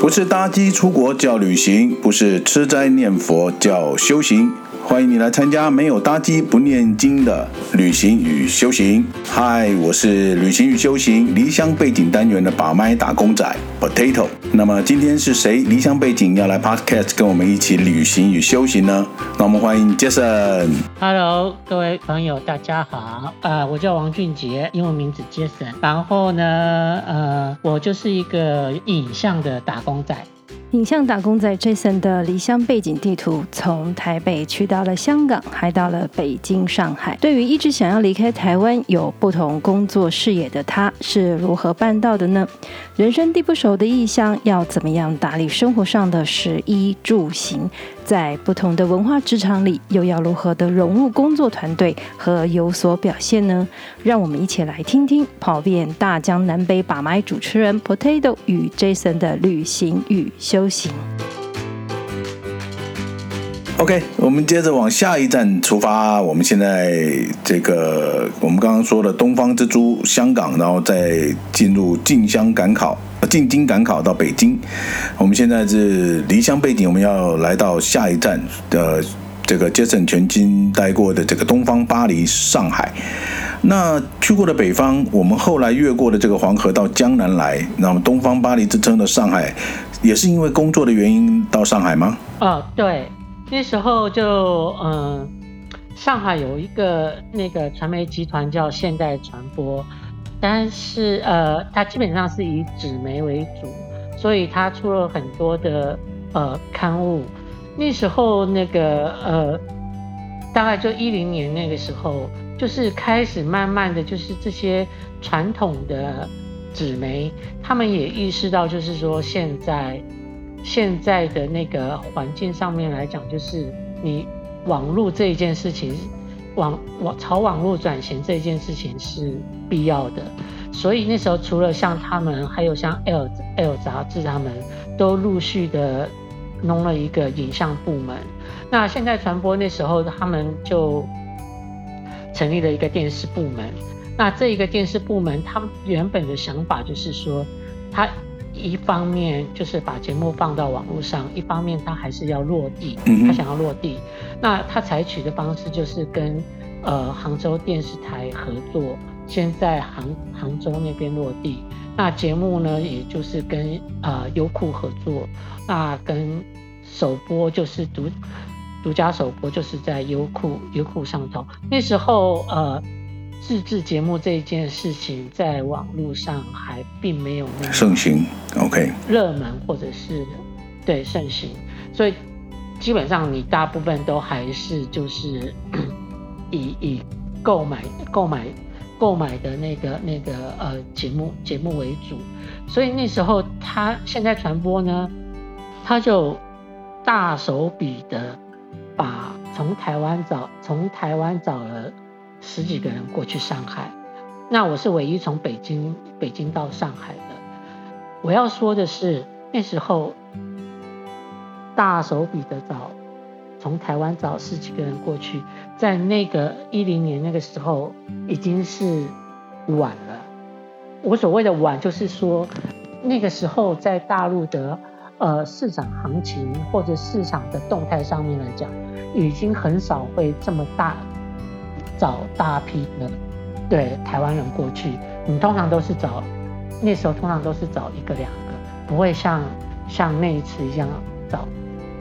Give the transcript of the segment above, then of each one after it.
不是搭機出國叫旅行，不是吃齋念佛叫修行。歡迎你來參加沒有搭機不念經的旅行與修行。嗨，我是旅行與修行離鄉背井單元的把麥打工仔 Potato。那麼今天是誰離鄉背井要來 Podcast 跟我們一起旅行與修行呢？那我們歡迎 Jason。Hello，各位朋友，大家好。啊、呃，我叫王俊杰，英文名字 Jason。然後呢，呃，我就是一個影像的打工仔。影像打工仔 Jason 的離鄉背井地圖，從台北去到了香港，還到了北京、上海。對於一直想要離開台灣、有不同工作視野的他，是如何辦到的呢？人生地不熟的異鄉，要怎麼樣打理生活上的食衣住行？在不同的文化職場裡，又要如何的融入工作團隊和有所表現呢？讓我們一起來聽聽跑遍大江南北把麥主持人 Potato 與 Jason 的旅行與修行。OK，我們接着往下一站出發。我們現在這個，我們剛剛說的東方之珠——香港，然後再進入進香趕考、進京趕考到北京。我們現在是離鄉背井，我們要來到下一站的這個 Jason 曾經待過的這個東方巴黎——上海。那去過的北方，我們後來越過的這個黃河到江南來，那麼東方巴黎之稱的上海，也是因為工作的原因到上海嗎？啊、哦，對。那時候就嗯、呃，上海有一個那個傳媒集團叫現代傳播，但是呃，它基本上是以紙媒為主，所以它出了很多的呃刊物。那時候那個呃，大概就一零年那個時候，就是開始慢慢的就是這些傳統的紙媒，他們也意識到就是說現在。現在的那個環境上面來講，就是你網絡這一件事情，網網朝網絡轉型這件事情是必要的。所以那時候，除了像他們，還有像 L L 雜誌，他們都陸續的弄了一個影像部門。那現在傳播那時候，他們就成立了一個電視部門。那這一個電視部門，他們原本的想法就是說，他。一方面就是把節目放到網絡上，一方面他還是要落地，他想要落地。那他採取的方式就是跟呃杭州電視台合作，先在杭杭州那邊落地。那節目呢，也就是跟呃優酷合作。那跟首播就是獨獨家首播就是在優酷優酷上頭。那時候呃。自製節目這一件事情，在網絡上還並沒有那麼盛行，OK，熱門或者是對盛行，所以基本上你大部分都還是就是以以購買購買購買的那個那個呃節目節目為主，所以那時候他現在傳播呢，他就大手筆的把從台灣找從台灣找了。十幾個人過去上海，那我是唯一從北京北京到上海的。我要說的是，那時候大手筆的找，從台灣找十幾個人過去，在那個一零年那個時候已經是晚了。我所謂的晚，就是說那個時候在大陸的呃市場行情或者市場的動態上面來講，已經很少會這麼大。找大批的，對，台灣人過去，你通常都是找那時候通常都是找一個兩個，不會像像那一次一樣找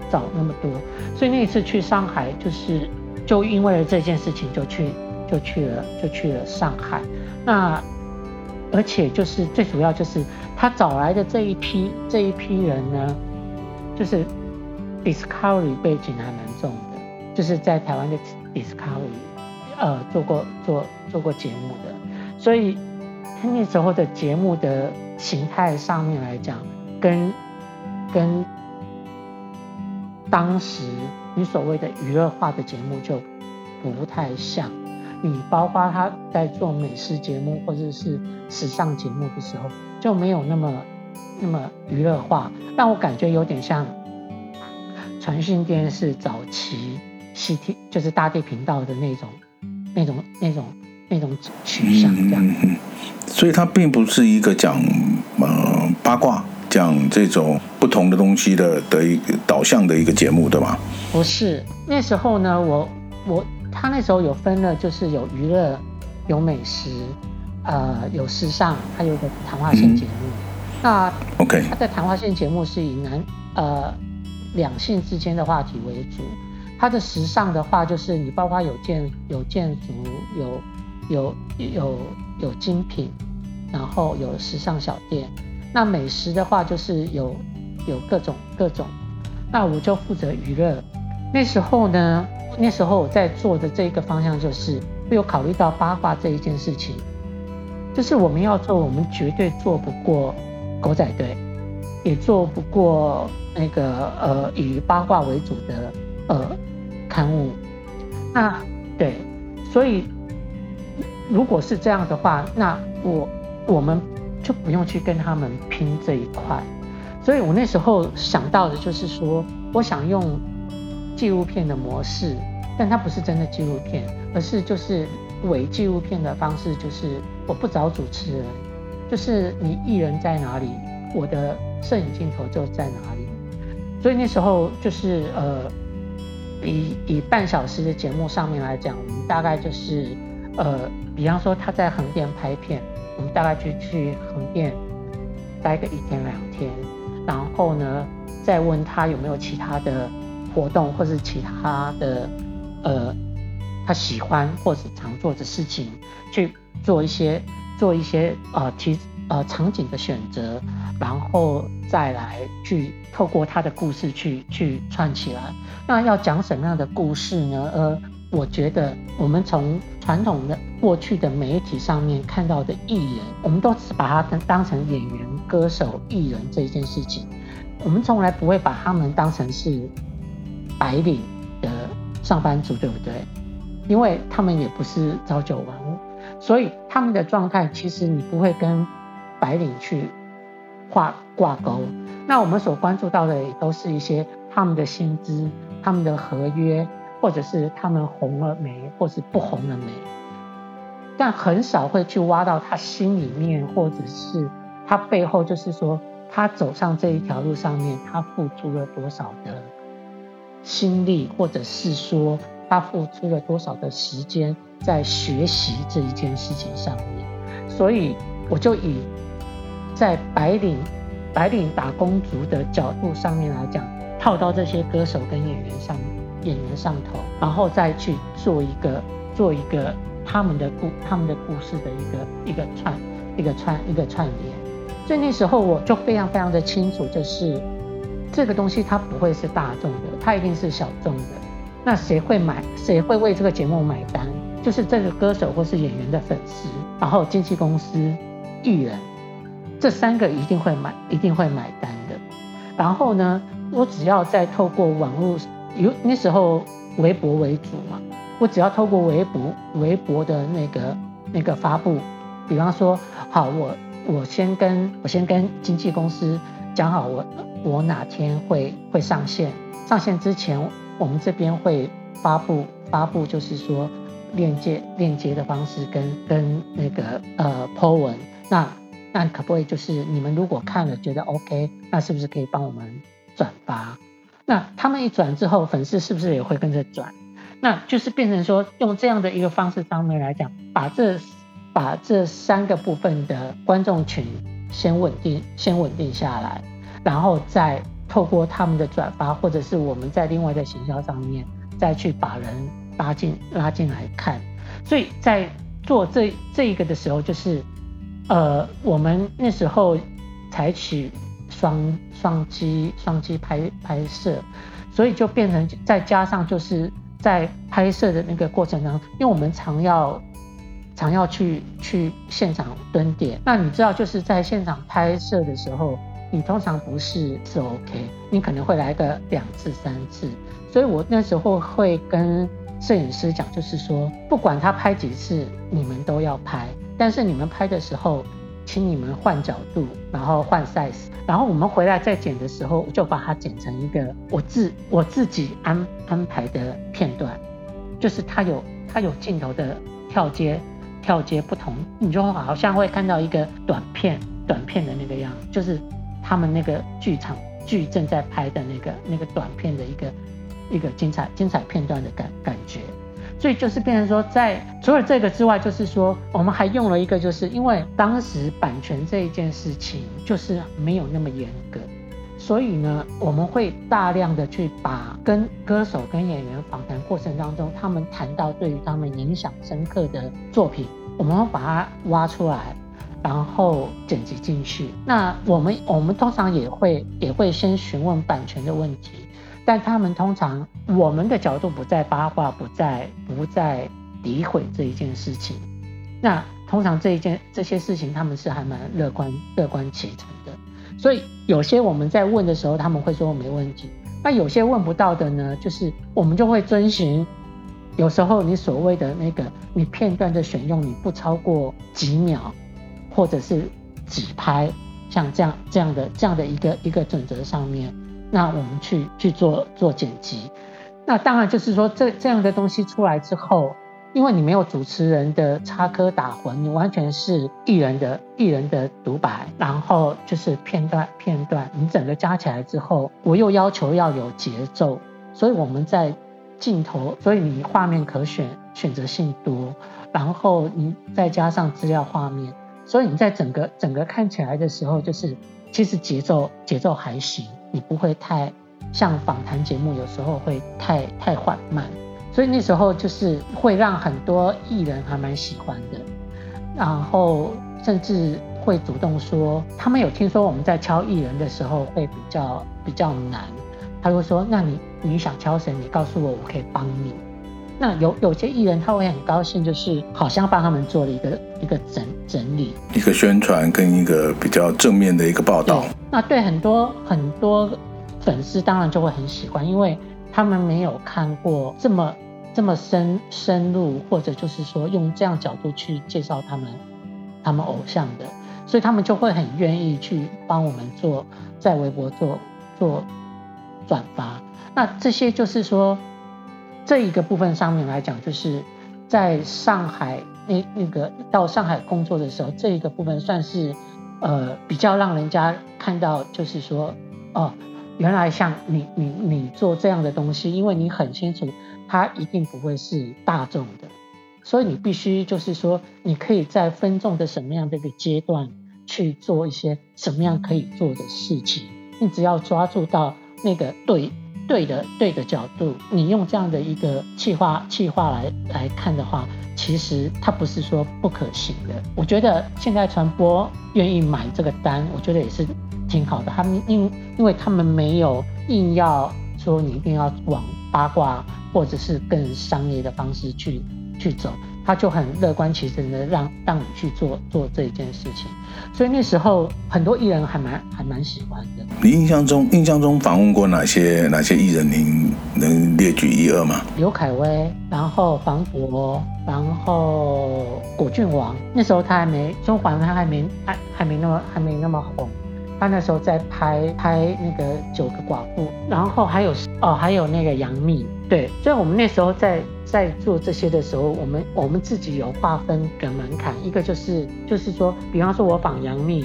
找那麼多。所以那一次去上海，就是就因為了這件事情就去就去了就去了上海。那而且就是最主要就是他找來的這一批這一批人呢，就是 Discovery 背景還蠻重的，就是在台灣的 Discovery。呃，做過做做過節目的，所以那時候的節目的形態上面來講，跟跟當時你所謂的娛樂化的節目就不太像。你包括他在做美食節目或者是時尚節目的時候，就沒有那麼那麼娛樂化，讓我感覺有點像傳訊電視早期中天就是大地頻道的那種。那種那種那種取向這樣，嗯、所以它並不是一個講呃八卦、講這種不同的東西的的一個導向的一個節目，對嗎？不是，那時候呢，我我他那時候有分了，就是有娛樂、有美食，呃，有時尚，還有一個談話性節目。嗯、那 OK，他的談話性節目是以男呃兩性之間的話題為主。它的時尚的話，就是你包括有建有建築，有有有有精品，然後有時尚小店。那美食的話，就是有有各種各種。那我就負責娛樂。那時候呢，那時候我在做的這一個方向就是會有考慮到八卦這一件事情，就是我們要做，我們絕對做不過狗仔隊，也做不過那個呃以八卦為主的呃。刊物，那對，所以如果是這樣的話，那我我們就不用去跟他們拼這一塊。所以我那時候想到的就是說，我想用紀錄片的模式，但它不是真的紀錄片，而是就是偽紀錄片的方式，就是我不找主持人，就是你藝人在哪裡，我的攝影鏡頭就在哪裡。所以那時候就是呃。以以半小時的節目上面來講，我們大概就是，呃，比方說他在橫店拍片，我們大概就去橫店待個一天兩天，然後呢，再問他有沒有其他的活動，或是其他的，呃，他喜歡或是常做的事情，去做一些做一些呃，提呃場景的選擇，然後再來去透過他的故事去去串起來。那要講什麼樣的故事呢？呃，我覺得我們從傳統的過去的媒體上面看到的藝人，我們都只把他當當成演員、歌手、藝人這一件事情，我們從來不會把他們當成是白領的上班族，對不對？因為他們也不是朝九晚五，所以他們的狀態其實你不會跟白領去掛掛鈎。那我們所關注到的也都是一些他們的薪資。他們的合約，或者是他們紅了沒，或是不紅了沒，但很少會去挖到他心裡面，或者是他背後，就是說他走上這一條路上面，他付出了多少的心力，或者是說他付出了多少的時間在學習這一件事情上面。所以，我就以在白領、白領打工族的角度上面來講。套到這些歌手跟演員上演員上頭，然後再去做一個，做一個他們的故他們的故事的一個一個串，一個串一個串聯。所以那時候我就非常非常的清楚，就是這個東西它不會是大眾的，它一定是小眾的。那誰會買？誰會為這個節目買單？就是這個歌手或是演員的粉絲，然後經紀公司、藝人，這三個一定會買，一定會買單的。然後呢？我只要在透過網絡，有那時候微博為主嘛。我只要透過微博，微博的那個那個發布，比方說，好，我我先跟我先跟經紀公司講好我，我我哪天會會上線。上線之前，我們這邊會發布發布，就是說鏈接鏈接的方式跟跟那個呃 po 文。那那可不可以就是你們如果看了覺得 OK，那是不是可以幫我們？轉發，那他們一轉之後，粉絲是不是也會跟着轉？那就是變成說，用這樣的一個方式上面來講，把這把這三個部分的觀眾群先穩定先穩定下來，然後再透過他們的轉發，或者是我們在另外的行銷上面再去把人拉進拉進來看。所以在做這這一個的時候，就是呃，我們那時候採取。雙雙機雙機拍拍攝，所以就變成再加上就是在拍攝的那個過程當中，因為我們常要常要去去現場蹲點。那你知道就是在現場拍攝的時候，你通常不是是 OK，你可能會來個兩次三次。所以我那時候會跟攝影師講，就是說不管他拍幾次，你們都要拍。但是你們拍的時候。請你們換角度，然後換 size，然後我們回來再剪的時候，我就把它剪成一個我自我自己安安排的片段，就是它有它有鏡頭的跳接，跳接不同，你就好像會看到一個短片，短片的那個樣，就是他們那個劇場劇正在拍的那個那個短片的一個一個精彩精彩片段的感感覺。所以就是變成說，在除了這個之外，就是說我們還用了一個，就是因為當時版權這一件事情就是沒有那麼嚴格，所以呢，我們會大量的去把跟歌手、跟演員訪談過程當中，他們談到對於他們影響深刻的作品，我們會把它挖出來，然後剪輯進去。那我們我們通常也會也會先詢問版權的問題。但他們通常，我們的角度不在八卦，不在不在詆毀這一件事情。那通常這一件這些事情，他們是還蠻樂觀、樂觀其成的。所以有些我們在問的時候，他們會說沒問題。那有些問不到的呢，就是我們就會遵循，有時候你所謂的那個你片段的選用，你不超過幾秒，或者是幾拍，像這樣這樣的這樣的一個一個準則上面。那我們去去做做剪輯，那當然就是說這這樣的東西出來之後，因為你沒有主持人的插科打諢，你完全是藝人的藝人的獨白，然後就是片段片段，你整個加起來之後，我又要求要有節奏，所以我們在鏡頭，所以你畫面可選選擇性多，然後你再加上資料畫面，所以你在整個整個看起來的時候，就是其實節奏節奏還行。你不會太像訪談節目，有時候會太太緩慢，所以那時候就是會讓很多藝人還蠻喜歡的，然後甚至會主動說，他們有聽說我們在敲藝人的時候會比較比較難，他會說，那你你想敲誰？你告訴我，我可以幫你。那有有些藝人他會很高興，就是好像幫他們做了一個一個整整理，一個宣傳跟一個比較正面的一個報道。對那對很多很多粉絲當然就會很喜歡，因為他們沒有看過這麼這麼深深入，或者就是說用這樣角度去介紹他們他們偶像的，所以他們就會很願意去幫我們做在微博做做轉發。那這些就是說。這一個部分上面來講，就是在上海那那個到上海工作的時候，這一個部分算是呃比較讓人家看到，就是說哦，原來像你你你做這樣的東西，因為你很清楚它一定不會是大眾的，所以你必須就是說，你可以在分眾的什麼樣的一個階段去做一些什麼樣可以做的事情，你只要抓住到那個對，對的，對的角度，你用這樣的一個企劃，企劃來來看的話，其實它不是說不可行的。我覺得現在傳播願意買這個單，我覺得也是挺好的。他們因因為他們沒有硬要說你一定要往八卦或者是更商業的方式去去走。他就很樂觀其成的讓讓你去做做這件事情，所以那時候很多藝人還蠻還蠻喜歡的。你印象中印象中訪問過哪些哪些藝人？您能列舉一二嗎？劉愷威，然後房祖，然後果郡王。那時候他還沒甄嬛，他還沒還沒還沒那麼還沒那麼紅。他那時候在拍拍那個《九個寡婦》，然後還有哦，還有那個楊冪。對，所以我們那時候在。在做這些的時候，我們我們自己有劃分的門檻，一個就是就是說，比方說我仿楊冪，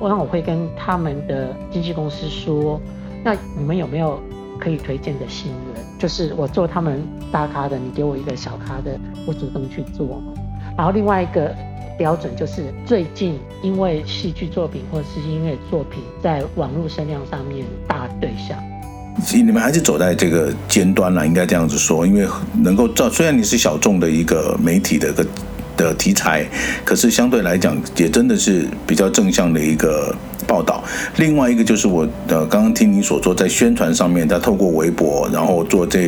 那我，我會跟他們的經紀公司說，那你們有沒有可以推薦的新人？就是我做他們大咖的，你給我一個小咖的，我主動去做。然後另外一個標準就是最近因為戲劇作品或是音樂作品在網路聲量上面大對象。你們還是走在這個尖端了，應該這樣子說，因為能夠照雖然你是小眾的一個媒體的個的題材，可是相對來講也真的是比較正向的一個報道。另外一個就是我呃剛剛聽你所說，在宣傳上面，他透過微博，然後做這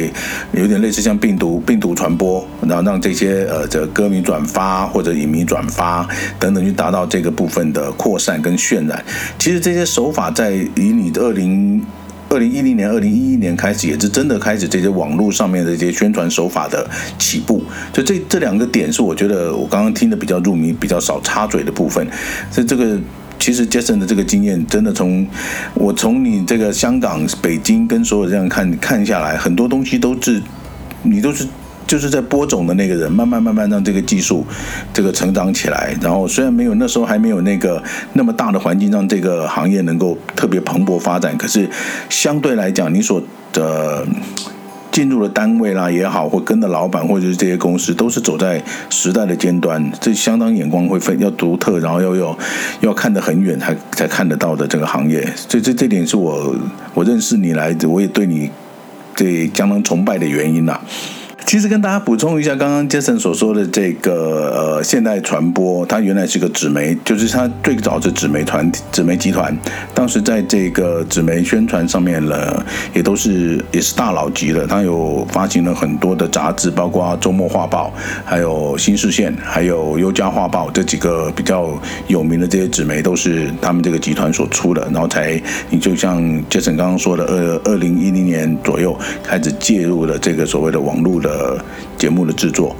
有點類似像病毒病毒傳播，然後讓這些呃這歌迷轉發或者影迷轉發等等，去達到這個部分的擴散跟渲染。其實這些手法在以你的二零。二零一零年，二零一一年開始，也是真的開始這些網絡上面的一些宣傳手法的起步。就這這兩個點是我覺得我剛剛聽的比較入迷，比較少插嘴的部分。所以這個其實傑森的這個經驗，真的從我從你這個香港、北京跟所有這樣看看下來，很多東西都是你都是。就是在播種的那個人，慢慢慢慢讓這個技術，這個成長起來。然後雖然沒有那時候還沒有那個那麼大的環境，讓這個行業能夠特別蓬勃發展。可是相對來講，你所的，呃，進入的單位啦也好，或跟着老板或者是這些公司，都是走在時代的尖端。這相當眼光會分要獨特，然後要要要看得很遠才才看得到的這個行業。所以這這這點是我我認識你來，我也對你這相當崇拜的原因啦。其實跟大家補充一下，剛剛杰森所說的這個呃，現代傳播，它原來是個紙媒，就是它最早是紙媒團體、紙媒集團，當時在這個紙媒宣傳上面呢，也都是也是大佬級的，他有發行了很多的雜誌，包括週末畫報、還有新視線、還有優家畫報，這幾個比較有名的這些紙媒，都是他們這個集團所出的。然後才，你就像杰森剛剛說的，二二零一零年左右開始介入了這個所謂的網絡的。呃，節目的製作，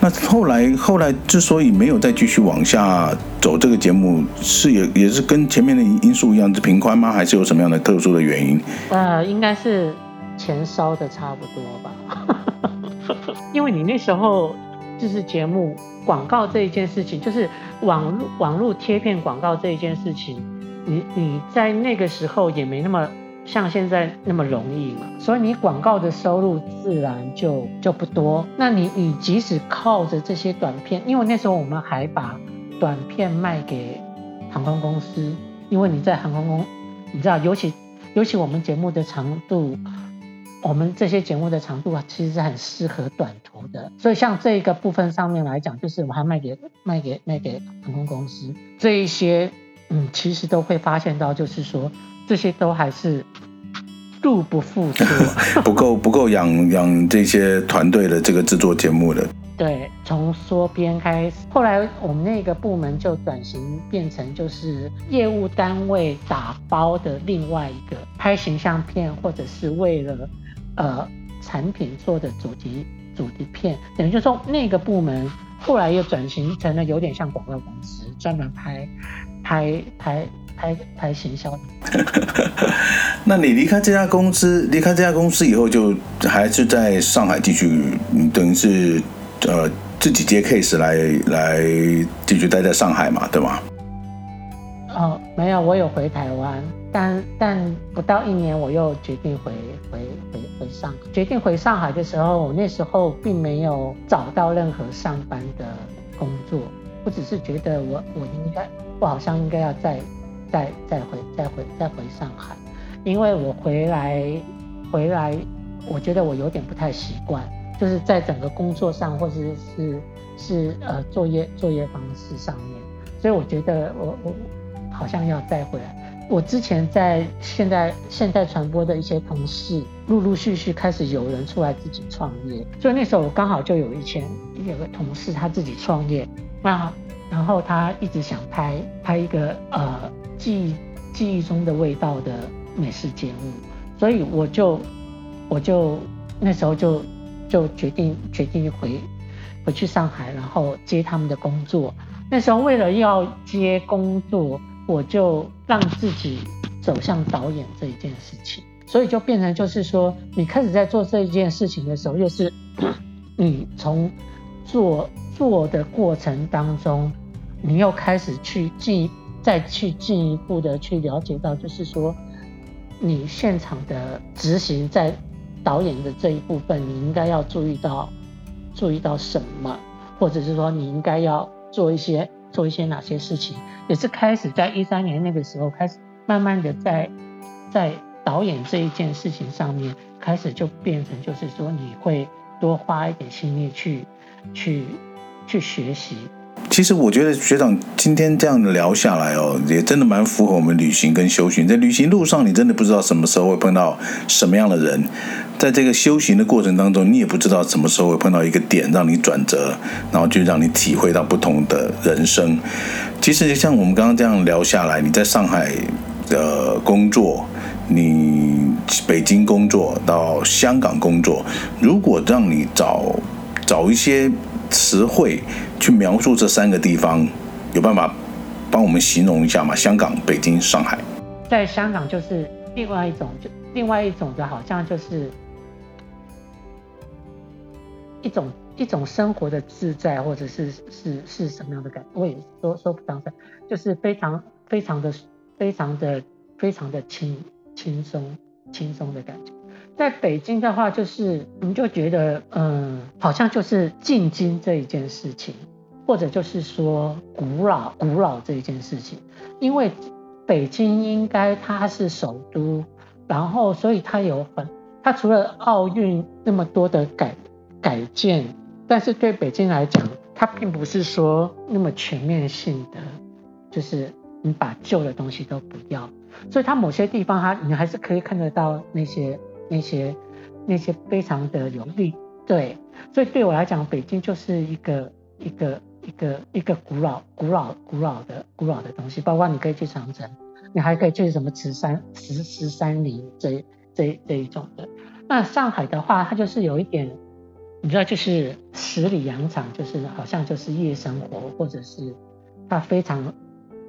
那後來後來之所以沒有再繼續往下走這個節目，是也也是跟前面的因素一樣，是頻寬嗎？還是有什麼樣的特殊的原因？呃，應該是錢燒的差不多吧， 因為你那時候就是節目廣告這一件事情，就是網路、嗯、網路貼片廣告這一件事情，你你在那個時候也沒那麼。像現在那麼容易嘛，所以你廣告的收入自然就就不多。那你你即使靠着這些短片，因為那時候我們還把短片賣給航空公司，因為你在航空公司，你知道，尤其尤其我們節目的長度，我們這些節目的長度啊，其實是很適合短途的。所以像這個部分上面來講，就是我們還賣給賣給賣給航空公司這一些，嗯，其實都會發現到，就是說，這些都還是入不敷出 不夠，不夠不夠養養這些團隊的這個制作節目的。對，從縮編開始，後來我們那個部門就轉型變成就是業務單位打包的另外一個拍形象片，或者是為了呃產品做的主題主題片。等於就是說那個部門後來又轉型成了有點像廣告公司，專門拍拍拍。拍拍拍行銷。 那你離開這家公司，離開這家公司以後，就還是在上海繼續，等於是，呃，自己接 case 來來，繼續待在上海嘛，對嗎？哦，沒有，我有回臺灣，但但不到一年，我又決定回回回回上海。決定回上海的時候，我那時候並沒有找到任何上班的工作，我只是覺得我我應該，我好像應該要在。再再回再回再回上海，因為我回來回來，我覺得我有點不太習慣，就是在整個工作上或者是是，是呃作業作業方式上面，所以我覺得我我好像要再回來。我之前在現在現代傳播的一些同事，陸陸續續開始有人出來自己創業，所以那時候我剛好就有以前有個同事他自己創業那，那然後他一直想拍拍一個呃。記記憶中的味道的美食節目，所以我就我就那時候就就決定決定回回去上海，然後接他們的工作。那時候為了要接工作，我就讓自己走向導演這一件事情，所以就變成就是說，你開始在做這一件事情的時候，又是你從做做的過程當中，你又開始去記憶。再去進一步的去了解到，就是說，你現場的執行在導演的這一部分，你應該要注意到，注意到什麼，或者是說，你應該要做一些，做一些哪些事情。也是開始在一三年那個時候開始，慢慢的在在導演這一件事情上面，開始就變成就是說，你會多花一點心力去去去學習。其實我覺得學長今天這樣的聊下來哦，也真的蠻符合我們旅行跟修行。在旅行路上，你真的不知道什麼時候會碰到什麼樣的人；在這個修行的過程當中，你也不知道什麼時候會碰到一個點讓你轉折，然後就讓你體會到不同的人生。其實就像我們剛剛這樣聊下來，你在上海的工作，你北京工作，到香港工作，如果讓你找找一些詞彙。去描述這三個地方，有辦法幫我們形容一下嗎？香港、北京、上海。在香港就是另外一種，就另外一種的，好像就是一種一種生活的自在，或者是是是什麼樣的感覺？我也說說不上來，就是非常非常的非常的非常的輕輕鬆輕鬆的感覺。在北京的話，就是你們就覺得，嗯，好像就是進京這一件事情。或者就是說古老古老這一件事情，因為北京應該它是首都，然後所以它有很，它除了奧運那麼多的改改建，但是對北京來講，它並不是說那麼全面性的，就是你把舊的東西都不要，所以它某些地方它你還是可以看得到那些那些那些非常的有利，對，所以對我來講，北京就是一個一個。一個一個古老古老古老的古老的東西，包括你可以去長城，你還可以去什麼池山石石山林這這這一種的。那上海的話，它就是有一點，你知道，就是十里洋場，就是好像就是夜生活，或者是它非常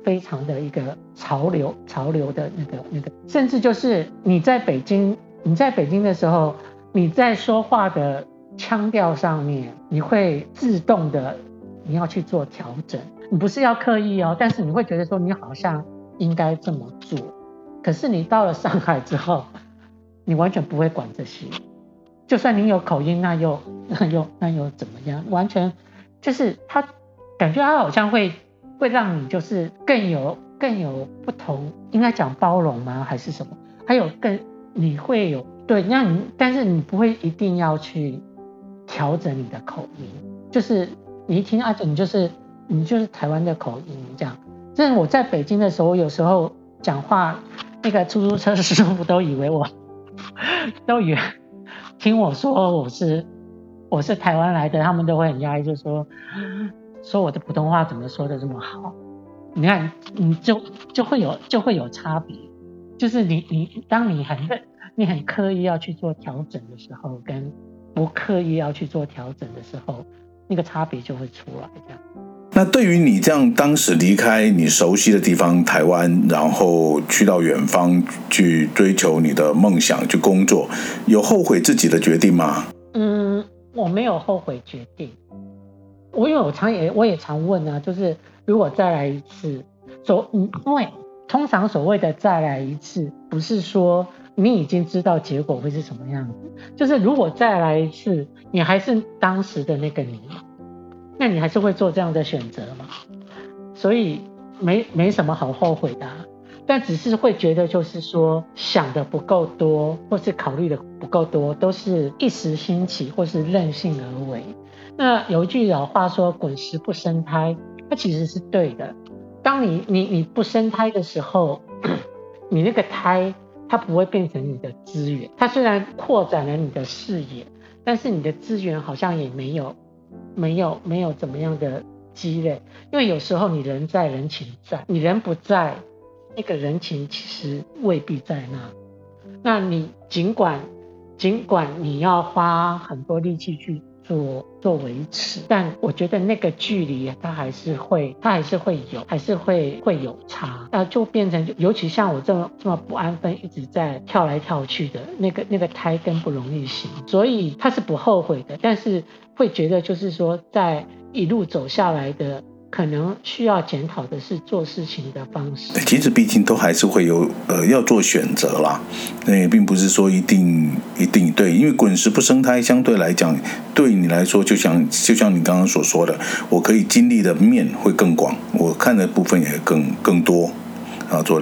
非常的一個潮流潮流的那個那個，甚至就是你在北京你在北京的時候，你在說話的腔調上面，你會自動的。你要去做調整，你不是要刻意哦，但是你會覺得說你好像應該這麼做。可是你到了上海之後，你完全不會管這些，就算你有口音，那又那又那又怎麼樣？完全就是他感覺他好像會會讓你就是更有更有不同，應該講包容嗎？還是什麼？還有更你會有對，那你但是你不會一定要去調整你的口音，就是。你一聽啊，你就是你就是台灣的口音，你講。這我在北京的時候，有時候講話，那個出租車師傅都以為我，都以為聽我說我是我是台灣來的，他們都會很訝異，就說說我的普通話怎麼說的這麼好？你看，你就就會有就會有差別。就是你你當你很你很刻意要去做調整的時候，跟不刻意要去做調整的時候。那個差別就會出來這樣，那對於你這樣當時離開你熟悉的地方台灣，然後去到遠方去追求你的夢想去工作，有後悔自己的決定嗎？嗯，我沒有後悔決定。我有常也我也常問啊，就是如果再來一次，所因為通常所謂的再來一次，不是說。你已經知道結果會是什麼樣子，就是如果再來一次，你還是當時的那個你，那你還是會做這樣的選擇嗎？所以沒沒什麼好後悔的啊，但只是會覺得就是說想的不夠多，或是考慮的不夠多，都是一時興起或是任性而為。那有一句老話說“滾石不生苔”，它其實是對的。當你你你不生苔的時候，你那個苔。它不會變成你的資源，它雖然擴展了你的視野，但是你的資源好像也沒有，沒有沒有怎麼樣的積累，因為有時候你人在人情在，你人不在，那個人情其實未必在那。那你儘管儘管你要花很多力氣去。做做維持，但我覺得那個距離，它還是會，它還是會有，還是會會有差，那、啊、就變成，尤其像我這麼這麼不安分，一直在跳來跳去的，那個那個胎根不容易行，所以他是不後悔的，但是會覺得就是說，在一路走下來的。可能需要檢討的是做事情的方式。其實，畢竟都還是會有呃要做選擇啦，那、呃、也並不是說一定一定對，因為滾石不生苔，相對來講，對你來說，就像就像你剛剛所說的，我可以經歷的面會更廣，我看的部分也更更多，然後做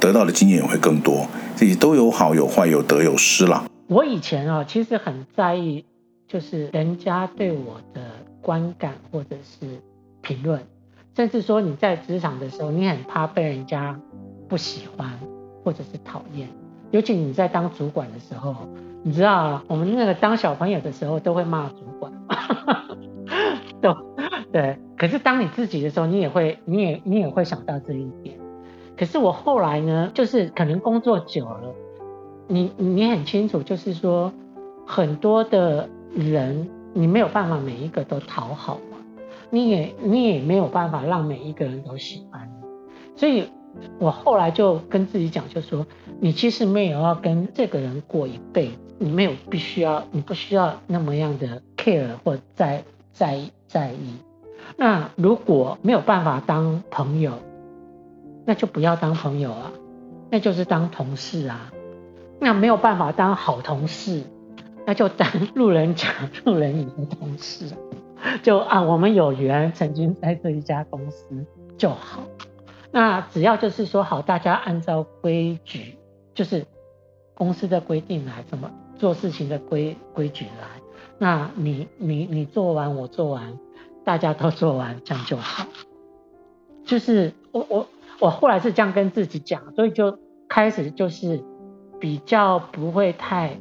得到的經驗也會更多，這些都有好有壞，有得有失啦。我以前啊、哦，其實很在意，就是人家對我的觀感或者是評論，甚至說你在職場的時候，你很怕被人家不喜歡或者是討厭，尤其你在當主管的時候，你知道我們那個當小朋友的時候都會罵主管， 對對。可是當你自己的時候，你也會，你也你也會想到這一點。可是我後來呢，就是可能工作久了，你你很清楚，就是說很多的人你沒有辦法每一個都討好。你也你也沒有辦法讓每一個人都喜歡你，所以我後來就跟自己講，就說你其實沒有要跟這個人過一輩子，你沒有必須要，你不需要那麼樣的 care 或在在在意。那如果沒有辦法當朋友，那就不要當朋友啊，那就是當同事啊。那沒有辦法當好同事，那就當路人甲、路人乙的同事。就啊，我們有緣曾經在這一家公司就好。那只要就是說好，大家按照規矩，就是公司的規定來，怎麼做事情的規規矩來。那你你你做完，我做完，大家都做完，這樣就好。就是我我我後來是這樣跟自己講，所以就開始就是比較不會太。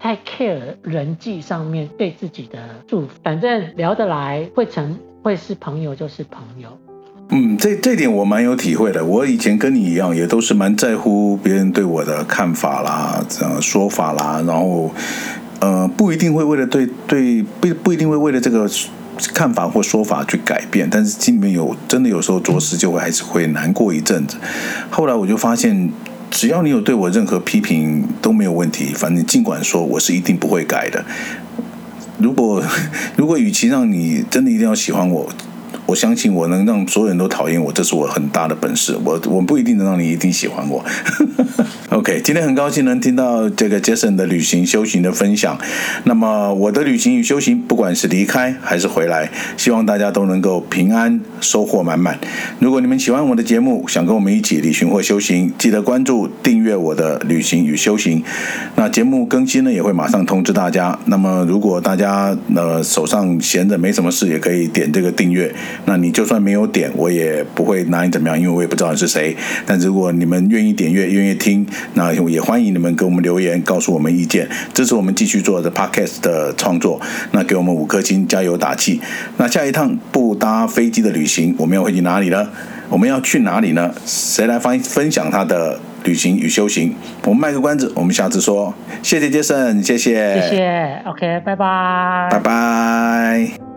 太 care 人際上面對自己的祝福，反正聊得來會成會是朋友就是朋友。嗯，這這點我蠻有體會的。我以前跟你一樣，也都是蠻在乎別人對我的看法啦、這樣說法啦，然後，呃，不一定會為了對對不不一定會為了這個看法或說法去改變，但是心裡面有真的有時候着實就會還是會難過一陣子。後來我就發現。只要你有對我任何批評都沒有問題，反正你儘管說，我是一定不會改的。如果如果與其讓你真的一定要喜歡我。我相信我能讓所有人都討厭我，這是我很大的本事。我我不一定能讓你一定喜歡我。 OK，今天很高興能聽到這個 Jason 的旅行修行的分享。那麼我的旅行與修行，不管是離開還是回來，希望大家都能夠平安，收穫滿滿。如果你們喜歡我的節目，想跟我們一起旅行或修行，記得關注訂閱我的旅行與修行。那節目更新呢，也會馬上通知大家。那麼如果大家呃手上閒着沒什麼事，也可以點這個訂閱。那你就算沒有點，我也不會拿你怎麼樣，因為我也不知道你是誰。但如果你們願意點閱、願意聽，那也歡迎你們給我們留言，告訴我們意見，支持我們繼續做的 Podcast 的創作。那給我們五顆星，加油打氣。那下一趟不搭飛機的旅行，我們要回去哪裡呢？我們要去哪裡呢？誰來分分享他的旅行與修行？我們賣個關子，我們下次說。謝謝杰森，謝謝。謝謝，OK，拜拜。拜拜。